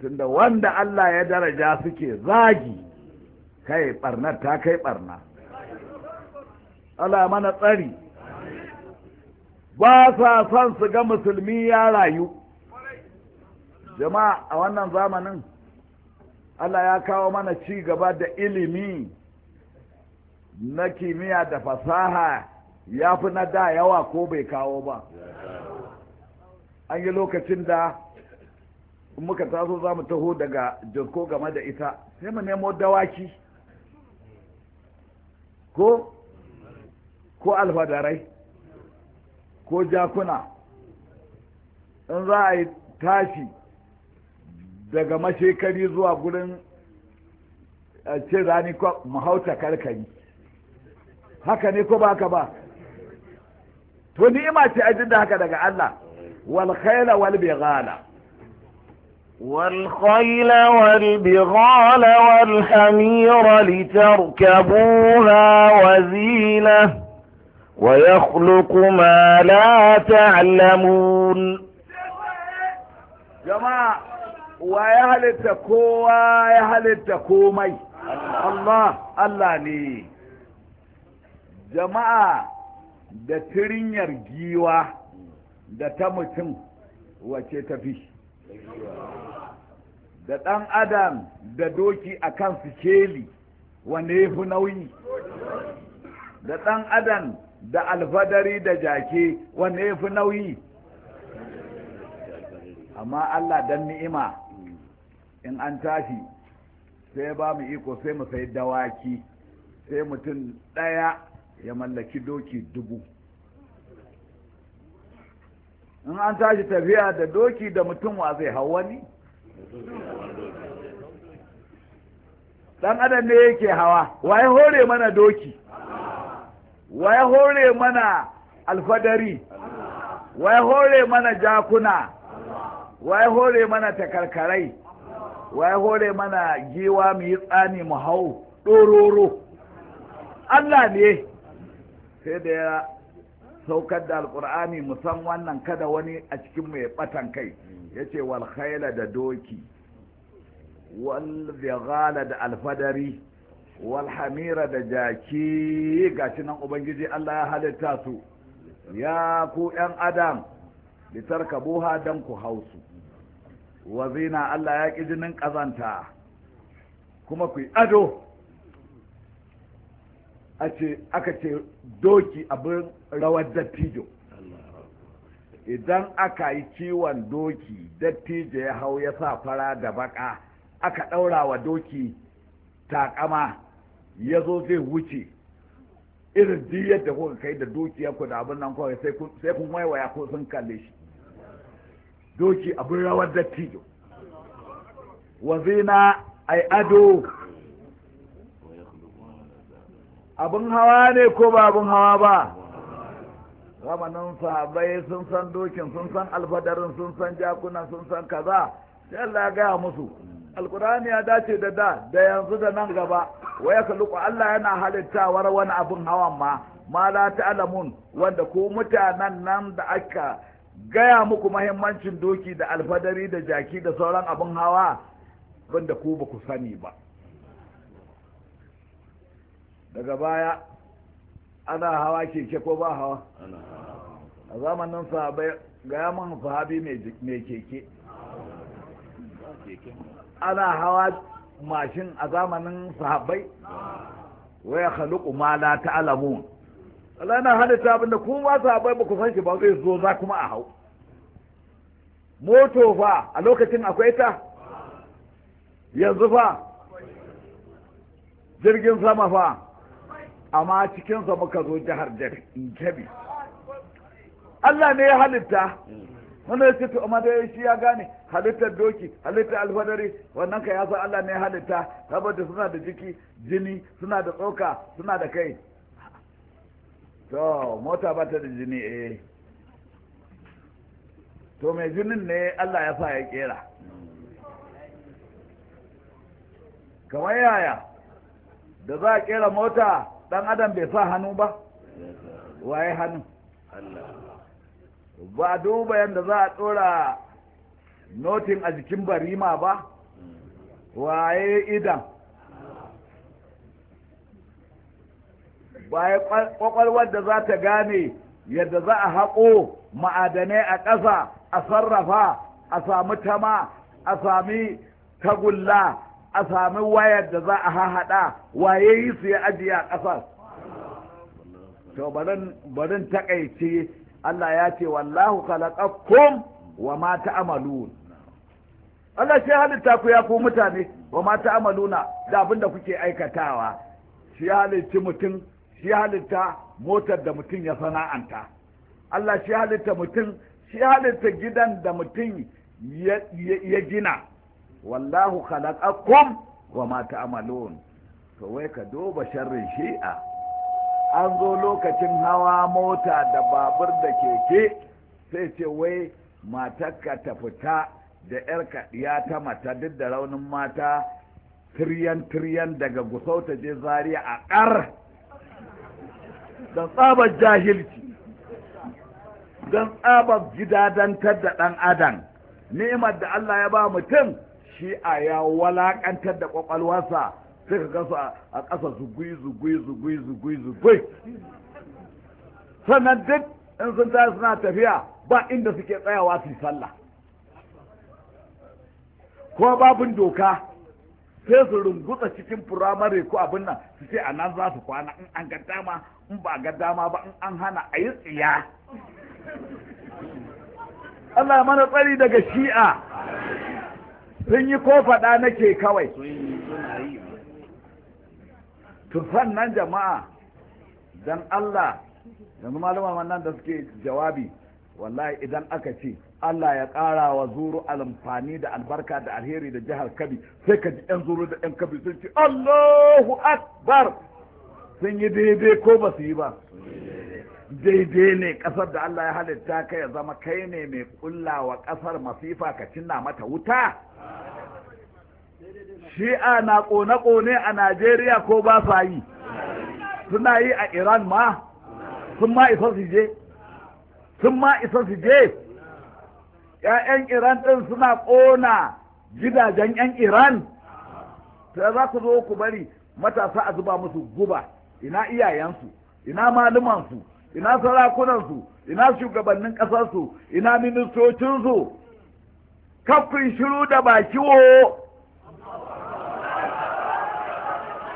tunda wanda Allah ya daraja suke zagi kai barna ta kai barna Allah mana tsari ba sa son su ga musulmi ya rayu jama'a a wannan zamanin Allah ya kawo mana ci gaba da ilimi na kimiyya da fasaha ya fi na da yawa ko bai kawo ba an yi lokacin da muka taso za mu taho daga jirko game da ita sai mu nemo dawaki ko ko alfadarai ko jakuna in za a yi tashi daga mashekari zuwa gurin ce rani ko mahauta karkani haka ne ko ba haka ba to ni'ima ce ajin da haka daga Allah wal khayla wal bighala wal wal khayla bighala wal hamira litarkabuha wazila wa yakhluqu ma la ta'lamun jama'a wa ya halitta kowa ya halitta komai Allah Allah ne jama'a da tirinyar giwa da ta mutum wace tafi da ɗan adam da doki akan kan sikeli wanda ya fi nauyi da ɗan adam da alfadari da jake wanda ya fi nauyi amma Allah dan ni'ima in an tashi sai ba mu iko sai mu sai dawaki sai mutum ɗaya ya mallaki doki dubu in an tashi tafiya da doki da mutum wa zai hawani dan adam ne yake hawa waye hore mana doki waye hore mana alfadari waye hore mana jakuna waye hore mana takarkarai wa ya hore mana giwa mu yi tsani mu hau ɗororo Allah ne sai da ya saukar da alkur'ani san wannan kada wani a cikin mai ɓatan kai ya ce wal khaila da doki walzigala da alfadari wal walhamira da jaki ga nan ubangiji Allah ya halitta su ya ku ‘yan adam litarka buha don ku hausu wa zina Allah ya ƙi jinin ƙazanta kuma ku a ado aka ce doki abin rawar dattijo idan aka yi kiwon doki dattijo ya hau ya sa fara da baka aka ɗaura wa doki takama ya zo zai wuce irin diyar da kuka kai da ku da abin nan kawai sai kun waiwaya ko sun kalle shi doki abin rawar dattijo wazina ai ado abin hawa ne ko ba abin hawa ba zamanin sahabai sun san dokin sun san alfadarin sun san jakuna sun san kaza sai Allah ya gaya musu alkurani ya dace da da da yanzu da nan gaba wa ya Allah yana halitta war wani abin hawan ma ma la ta'lamun wanda ko mutanen nan da aka gaya muku mahimmancin doki da alfadari da jaki da sauran abin hawa banda ku ba ku sani ba daga baya ana hawa keke ko ba hawa a zamanin sahabai gaya man sahabi mai keke ana hawa mashin a zamanin sahabai waya khaluqu ma la ta'lamun Allah na halitta abin da kuma sahabbai ba ku san shi ba zai zo za kuma a hau moto fa a lokacin akwai ta yanzu fa jirgin sama fa amma cikinsa muka zo jihar jabi Allah ne ya halitta wanda ya ce to amma da shi ya gane halittar doki halittar alfadari wannan ka ya san Allah ne ya halitta saboda suna da jiki jini suna da tsoka suna da kai to mota ba ta da jini eh to mai jinin ne Allah ya sa ya kera kamar yaya da za a kera mota dan adam bai sa hannu ba waye hannu ba a duba yadda za a tsora notin a jikin barima ba waye idan baya kwakwalwar da za ta gane yadda za a haƙo ma'adanai a ƙasa a sarrafa a sami tama a sami tagulla a sami wayar da za a hahaɗa waye yi su ya ajiye a ƙasar to barin takaice Allah ya ce wallahu khalaqakum wa ma ta'malun Allah shi halitta ku ya ku mutane wa ma ta'maluna da abin da kuke aikatawa shi halicci mutum shi halitta motar da mutum ya sana'anta Allah shi halitta mutum shi halitta gidan da mutum ya gina wallahu khalaqakum wa ma ta'malun to wai ka duba sharrin shi'a an zo lokacin hawa mota da babur da keke sai ce wai matarka ta fita da yarka ya ta mata duk da raunin mata tiryan-tiryan daga gusau ta je zariya a ƙar don tsabar jahilci don tsabar gidadantar da ɗan adam ni'imar da Allah ya ba mutum shi a ya walakantar da ƙwaƙwalwarsa sai ka gasa a ƙasa zugui zugui zugui zugui zugui sannan duk in sun tashi suna tafiya ba inda suke tsayawa su sallah ko babin doka sai su rungutsa cikin firamare ko abin nan su ce a nan za su kwana in an ga dama in ba ga dama ba in an hana a yi tsiya Allah mana tsari daga shi'a sun yi ko faɗa nake kawai tufan nan jama'a don Allah yanzu malama nan da suke jawabi wallahi idan aka ce Allah ya ƙara wa zuru alamfani da albarka da alheri da jihar kabi sai ka ji 'yan zuru da 'yan kabi sun ce Allahu Akbar sun yi daidai ko ba su yi ba daidai ne ƙasar da Allah ya halitta ka ya zama kai ne mai ƙulla wa ƙasar masifa ka cinna mata wuta shi'a na ƙone-ƙone a najeriya ko ba sa yi suna yi a iran ma sun ma isa su je sun ma isa su je ‘ya'yan iran ɗin suna ƙona gidajen ‘yan iran ta za ku zo ku bari matasa a zuba musu guba ina iyayensu ina malumansu ina sarakunansu ina shugabannin ƙasarsu ina ministocinsu kafin shiru da baki wo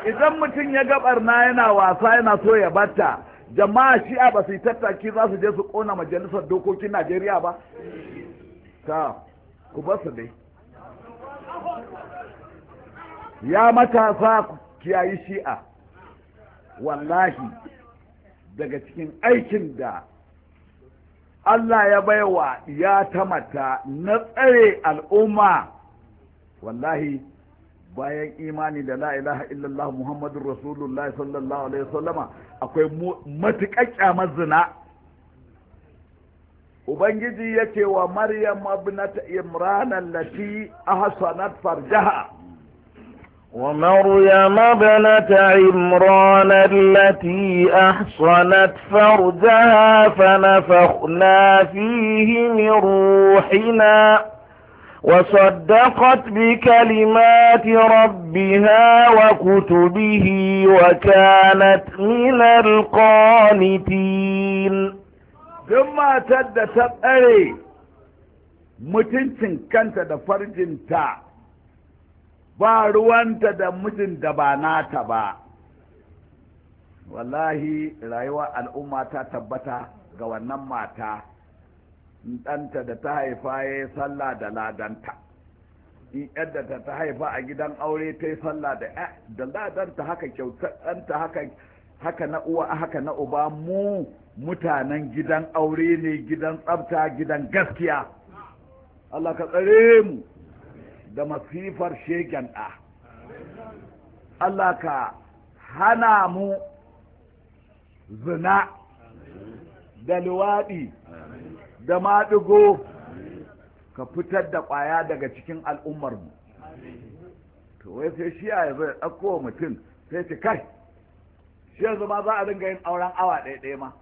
idan mutum ya ga ɓarna yana wasa yana so ya batta jama'a shi'a ba su yi tattaki za su je su kona majalisar dokokin najeriya ba ta ku basu dai ya matasa kiyayi shi'a wallahi daga cikin aikin da Allah ya baiwa ya tamata na tsare al'umma wallahi bayan imani da la ilaha illallah muhammadun rasulullah sallallahu alaihi wasallama akwai matuƙar kyamar zina ubangiji ya ce wa maryam abnat imran allati ahsanat farjaha ومريم ابنة عمران التي أحصنت فرجها فنفخنا فيه من روحنا وصدقت بكلمات ربها وكتبه وكانت من القانتين ثم تد تبأري متنسن كانت دفرجن تا ba ruwanta da mijin da ba nata ba wallahi rayuwar al'umma ta tabbata ga wannan mata ɗanta da ta haifa ya yi sallah da ladanta in yadda ta ta haifa a gidan aure ta yi sallah da da ladanta haka kyautar haka haka na uwa haka na uba mu mutanen gidan aure ne gidan tsabta, gidan gaskiya Allah ka tsare mu da masifar shegen ɗa Allah ka hana mu zina da luwaɗi da maɗigo ka fitar da ƙwaya daga cikin al'ummarmu to wai sai shi ya zai mutum sai ce kai shi yanzu ma za a dinga yin auren awa ɗaya ɗaya ma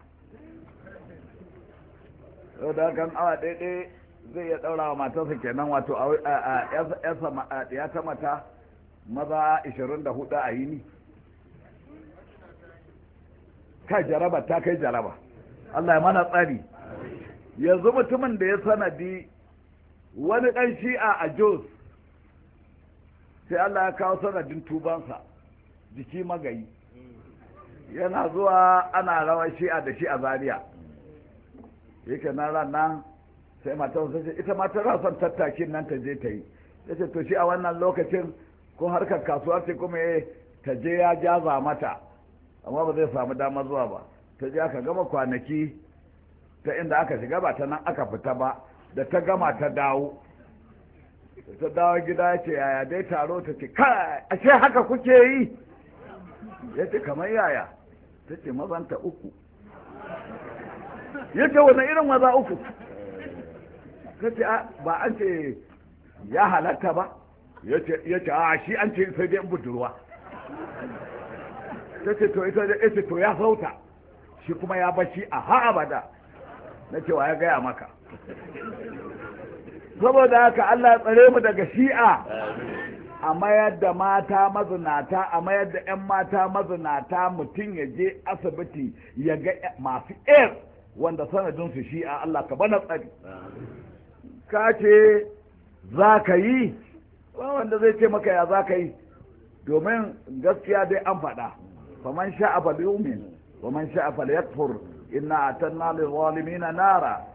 yau da kan awa ɗaya ɗaya zai iya ɗaura wa matarsa kenan wato a yasa ya ta mata maza 24 a yini ka jaraba ta kai jaraba Allah ya mana tsari yanzu mutumin da ya sanadi wani ɗan shi'a a jos sai Allah ya kawo sanadin tubansa jiki magayi yana zuwa ana rawar shi'a da shi a zariya yake na ranar sai matar ta ce ita ma san son tattakin nan ta je ta yi ta ce to shi a wannan lokacin ko harkar kasuwa ce kuma ya eh, ta je ya jaza mata amma ba zai samu damar zuwa ba ta je aka gama kwanaki ta inda aka shiga ba ta nan aka fita ba da ta gama ta dawo ta dawo gida ya ce yaya dai taro ta ce kai ashe haka kuke yi ya ce kamar yaya ta ce mazanta uku ya ce wani irin maza uku Ka ce ah, ba an ce ya halatta ba ya ce a ah, shi an ce sai dai budurwa ta ce to ita ya ce to ya sauta shi kuma ya bashi a ha abada na cewa ya gaya maka saboda haka Allah tsare mu daga shi'a a mayar da mata mazinata a mayar da 'yan mata mazinata mutum ya je asibiti ya ga masu air wanda sanadinsu shi'a Allah ka bana tsari ka ce za ka yi ba wanda zai ce maka ya za ka yi domin gaskiya dai an faɗa faman sha'a falyumin faman sha'a falyakfur inna atanna na nara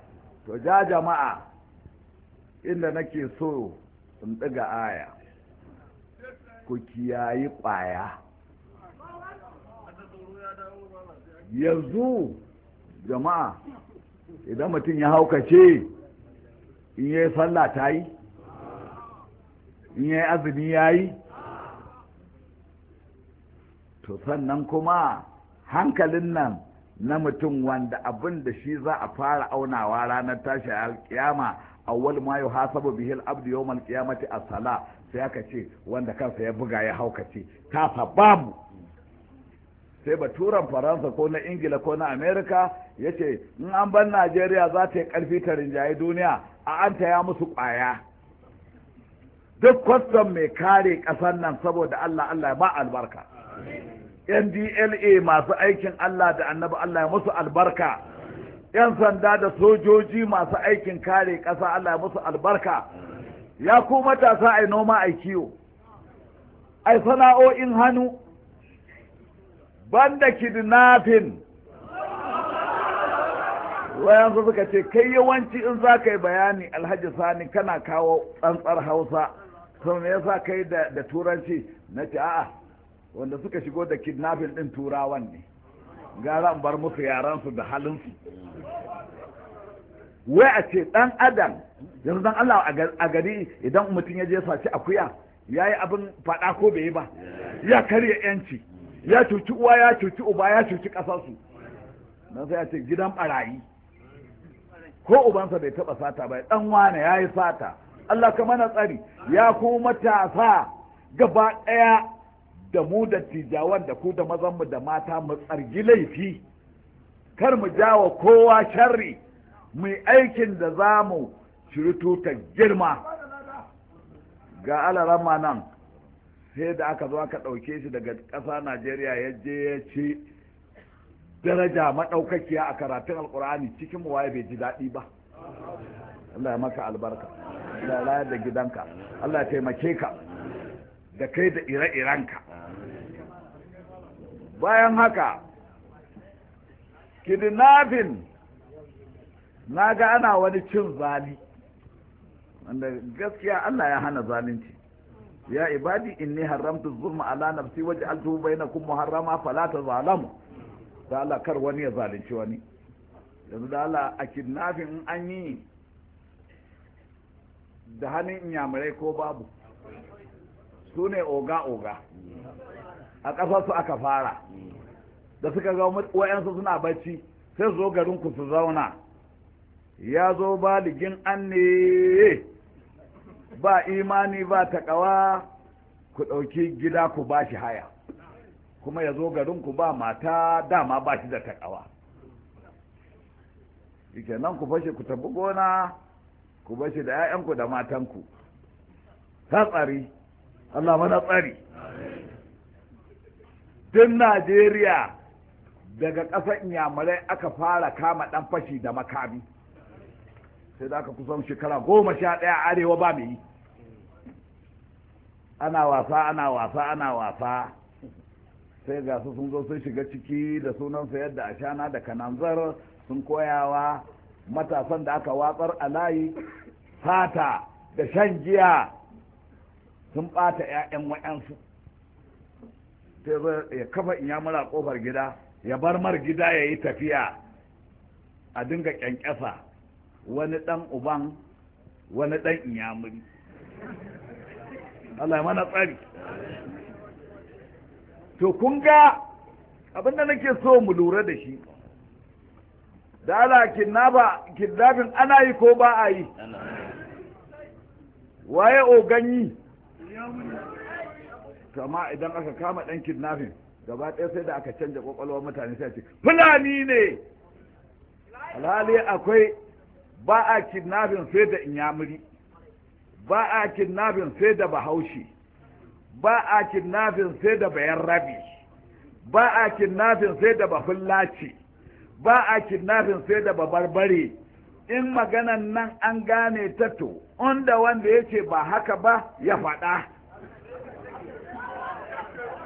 to ja jama'a inda nake so in ɗiga aya ku kiyayi ƙwaya yanzu jama'a idan mutum ya haukace in yayi sallah ta yi in yayi azumi ya yi to sannan kuma hankalin nan na mutum wanda abin da shi za a fara aunawa ranar tashi alkiyama awwal ma yuhasabu bihi al-abdu yawm al-qiyamati as-sala sai aka ce wanda kansa ya buga ya hauka haukace kafa babu sai ba turan faransa ko na ingila ko na amerika ya ce in an ban najeriya za ta yi karfi ta rinjaye duniya a an ya musu kwaya duk kwastan mai kare ƙasar nan saboda Allah Allah ya ba albarka ndla masu aikin Allah da annabi Allah ya musu albarka yan sanda da sojoji masu aikin kare ƙasa Allah ya musu albarka ya ku matasa ai noma ai kiwo ai sana'o'in hannu banda kidnapping wayansu suka ce kai yawanci in za ka yi bayani alhaji sani kana kawo tsantsar hausa sau me yasa kai da turanci na ce a'a wanda suka shigo da kidnapping din turawan ne gara in bar musu yaransu da halinsu wai a ce dan adam yanzu dan allah a gari idan mutum ya je saci akuya ya yi abin fada ko bai yi ba ya karya yanci ya cuci uwa ya cuci uba ya cuci su don sai a ce gidan barayi. ko ubansa bai taba sata ba dan wane yayi sata Allah ka mana tsari ya ku matasa gaba daya da mu da tijawan da ku da mazanmu da mata mu tsargi laifi kar mu jawo kowa sharri mu aikin da za mu shirutu ta girma ga alarama nan sai da aka zo aka ɗauke shi daga ƙasa najeriya ya je ya ci daraja maɗaukakiya a karatun alkur'ani cikin waye bai ji daɗi ba Allah ya maka albarka Allah ya da gidanka Allah ya taimake ka da kai da ire-irenka bayan haka kidnapping na ga ana wani cin zali wanda gaskiya Allah ya hana zalunci ya ibadi inni haramtu zulma ala nafsi waj'altuhu bainakum muharrama fala tazalamu da Allah kar wani ya zalunci wani yanzu da Allah a kidnapping in an yi da hannun inyamurai ko babu su ne oga-oga a ƙasarsu aka fara da suka ga wa'yansu suna bacci sai zo garinku su zauna ya zo baligin an ne ba imani ba ta ƙawa ku ɗauki gida ku ba shi haya kuma ya zo garinku ba mata dama ba shi da takawa yake nan ku fashe ku tafi gona ku bashi da 'ya'yanku da matanku ta tsari Allah mana tsari tun Najeriya daga ƙasar inyamurai aka fara kama ɗan fashi da makami sai da aka kusan shekara goma sha ɗaya arewa ba mai yi ana wasa ana wasa ana wasa sai ga su sun zo sun shiga ciki da sunansa yadda da ashana da kananzar sun koyawa matasan da aka watsar a layi fata da shan giya sun bata 'ya'yan wa'yansu sai ya kafa in ya mura kofar gida ya bar mar gida ya yi tafiya a dinga kyankyasa wani dan uban wani dan inyamuri Allah ya mana tsari to kun ga abinda nake so mu lura da shi da ala kidnaba kidnabin ana yi ko ba a yi waye oganyi kama idan aka kama dan kidnafin gaba ɗaya sai da aka canja kwakwalwar mutane sai ce fulani ne alhali akwai ba a kidnafin sai da inyamuri ba a kidnafin sai da bahaushe ba a kinnafin sai da bayan rabi ba a kinnafin sai da bafin laci ba a kinnafin sai da babarbare in maganan nan an gane ta to inda wanda ya ce ba haka ba ya faɗa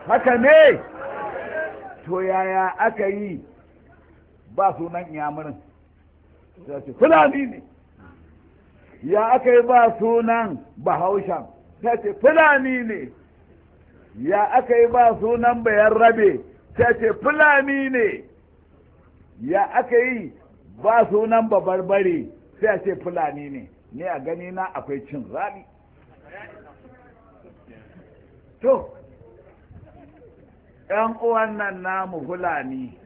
haka ne to yaya aka yi ba sunan iyamurin fulani ne ya aka yi ba sunan bahaushen ta ce fulani ne ya aka yi ba sunan bayan rabe ya ce fulani ne ya aka yi ba sunan babarbare ya ce fulani ne ni a gani na akwai cin rani to ‘yan uwan nan namu fulani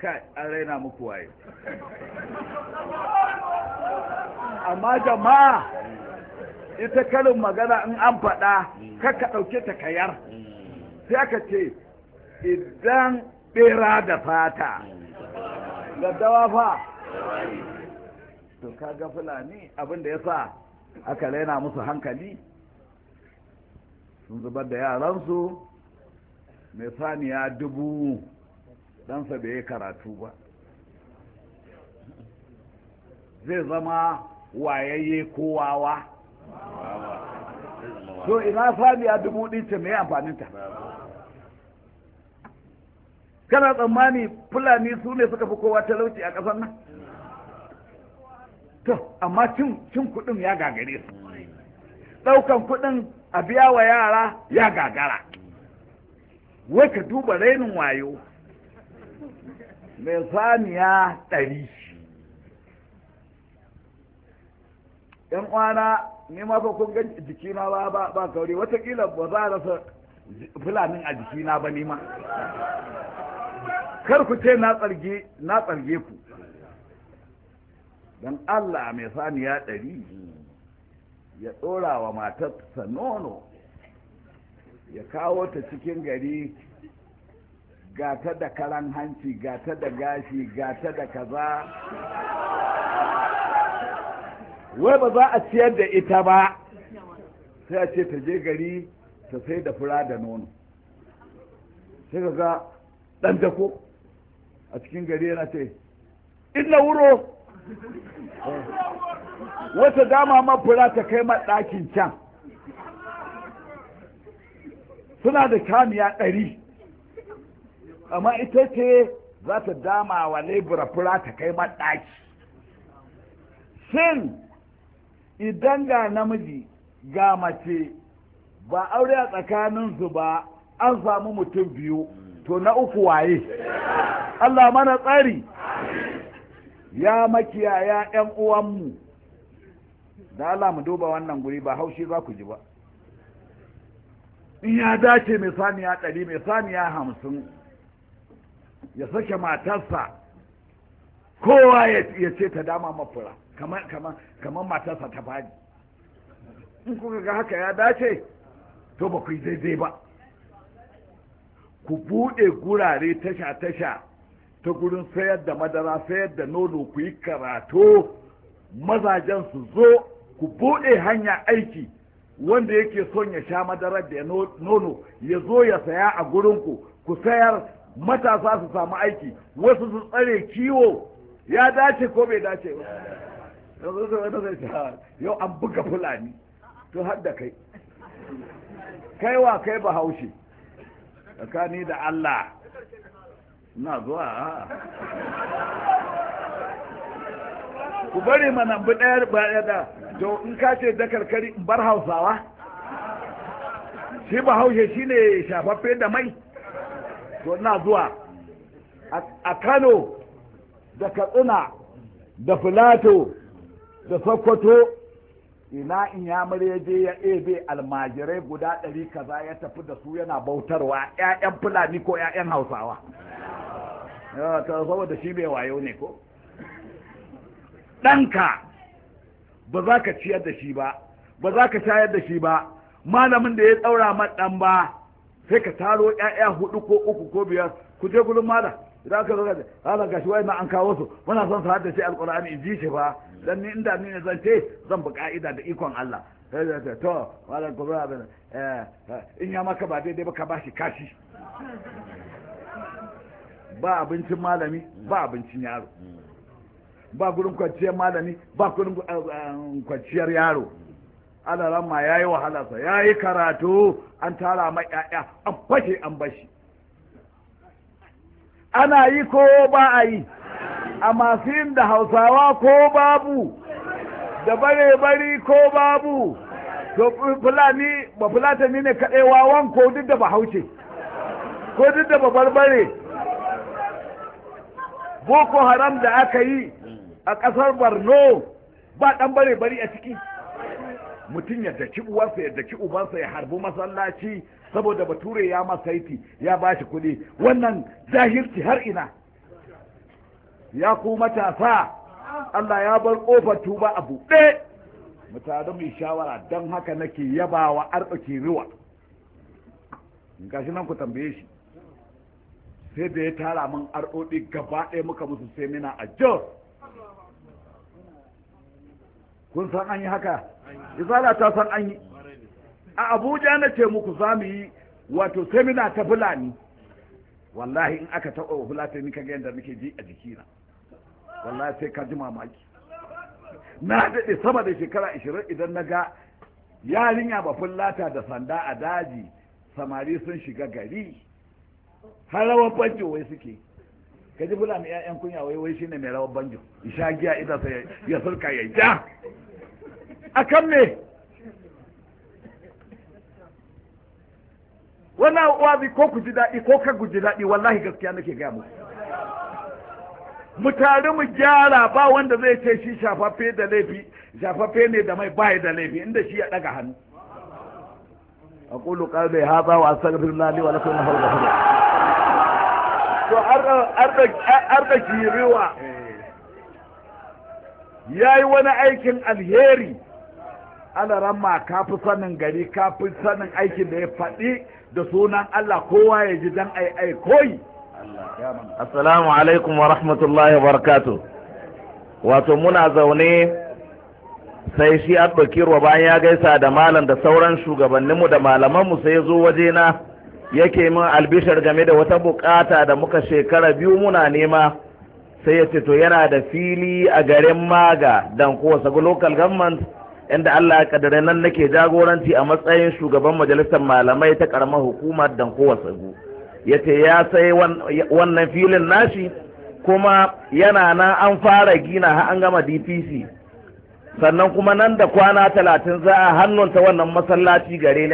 kai an raina muku waye amma jama'a ita karin magana in an faɗa kaka ɗauke ta kayar sai aka ce idan ɓera da fata daddawa fa to kaga fulani abinda ya sa aka raina musu hankali sun zubar da yaransu mai saniya dubu ɗansa bai yi karatu ba zai zama wayayye kowawa to ina saniya dubu ɗin ce mai amfaninta kana tsammani fulani su ne suka fi kowa talauci a ƙasar nan to amma cin kuɗin ya gagare su ɗaukan kuɗin a biya wa yara ya gagara wai ka duba rainin wayo mai saniya ɗari yan kwana, ni ma fa kun jiki jikina ba ba ba kauri watakila ba za a rasa fulanin a jikina ba ni ma kar ku ce na tsarge na tsarge ku dan Allah mai saniya ɗari ya ɗora wa matarsa nono ya kawo ta cikin gari gata da karan hanci gata da gashi gata da kaza wai ba za a ciyar da ita ba sai a ce ta je gari ta sai da fura da nono sai ka ga ɗan dako a cikin gari yana ce ina wuro wata dama ma fura ta kai ma ɗakin can suna da kamiya ɗari amma ita ce za ta dama wa lebura fura ta kai ma ɗaki Sin. idan ga namiji ga mace ba aure a tsakanin su ba an samu mutum biyu to na uku waye Allah mana tsari ya makiyaya 'yan uwanmu da Allah mu duba wannan guri ba haushi za ku ji ba in ya dace mai saniya ɗari mai saniya hamsin ya sake matarsa kowa ya ce ta dama mafura kamar matarsa ta fadi in kuka ga haka ya dace to ba ku yi daidai ba ku buɗe gurare tasha-tasha ta gurin sayar da madara sayar da nono ku yi karatu mazajen su zo ku buɗe hanya aiki wanda yake son ya sha madara da nono ya zo ya saya a gurinku ku sayar matasa su samu aiki wasu su tsare kiwo ya dace ko bai dace ba yanzu sai wani zai ta yau an buga fulani to har da kai kai wa kai bahaushe tsakani da Allah na zuwa ku bari mana bi ɗaya ɗaya da to in ka ce da karkari in bar hausawa shi bahaushe shi ne shafaffe da mai to na zuwa a kano da katsina da filato da sokoto ina in ya je ya ebe almajirai guda ɗari kaza ya tafi da su yana bautarwa 'ya'yan fulani ko 'ya'yan hausawa saboda shi mai wayo ne ko ɗanka ba za ka ciyar da shi ba ba za ka shayar da shi ba malamin da ya ɗaura ma ɗan ba sai ka taro 'ya'ya huɗu ko uku ko biyar ku je gudun mala idan aka zo da hala gashi wai ma an kawo su muna son su shi alqur'ani in ji shi fa dan ni inda ni ne zan ce zan bi ka'ida da ikon Allah sai da to wala gobe abin eh in ya maka ba daidai ba ka bashi kashi ba abincin malami ba abincin yaro ba gurin kwanciyar malami ba gurin eh, kwanciyar yaro ana ramma ya yi wahalarsa ya yi karatu an tara mai 'ya'ya an fashe an bashi ana yi ko ba a yi a masu yin da hausawa ko babu da bare-bari ko babu to fulani ba fulata ne kaɗai wawan ko duk da ba hauce ko duk da ba barbare boko haram da aka yi a ƙasar borno ba ɗan bare-bari a ciki mutum ya daki uwarsa ya daki ubansa ya harbi masallaci saboda bature ya masaiti ya bashi kuɗi wannan zahirci har ina ya ku matasa Allah ya bar ƙofar tuba a buɗe mu mai shawara don haka nake yabawa arziki riwa gashi nan ku tambaye shi sai da ya tara min arɗoɗi gaba ɗaya muka musu semina a jos kun san an yi haka izala ta san an yi a abuja na ce muku za mu yi wato semina ta fulani wallahi in aka taɓa wa fulata ni kaga yadda nake ji a jikina wallahi sai ka ji mamaki na daɗe sama da shekara ashirin idan na ga yarinya ba fulata da sanda a daji samari sun shiga gari har banjo wai suke ka ji fulani 'ya'yan kunya wai wai shine mai rawar banjo isha giya idan ya sulka ya ja akan me wannan wazi ko ku ji daɗi ko ka guji daɗi wallahi gaskiya nake gaya muku mu tare mu gyara ba wanda zai ce shi shafaffe da laifi shafaffe ne da mai baya da laifi inda shi ya ɗaga hannu أقول قولي هذا وأستغفر الله لي ولكم حول الله to arda kirewa ya yi wani aikin alheri alaran ma ka fi sanin gari ka fi sanin aikin da ya faɗi da sunan Allah kowa ya ji dan ai ai koyi assalamu alaikum wa rahmatullahi wa barakatuh wato muna zaune sai shi wa bayan ya gaisa da malam da sauran shugabanninmu da malamanmu sai ya zo wajena yake min albishar game da wata bukata da muka shekara biyu muna nema sai ya ce to yana da fili a garin maga dan kowa local government inda Allah ya kaddare nan nake jagoranci a matsayin shugaban majalisar malamai ta karamar hukumar kowa Sagu yace ya sai wannan filin nashi kuma yana nan an fara gina har an gama DPC sannan kuma nan da kwana talatin za a hannunta wannan masallaci gare ni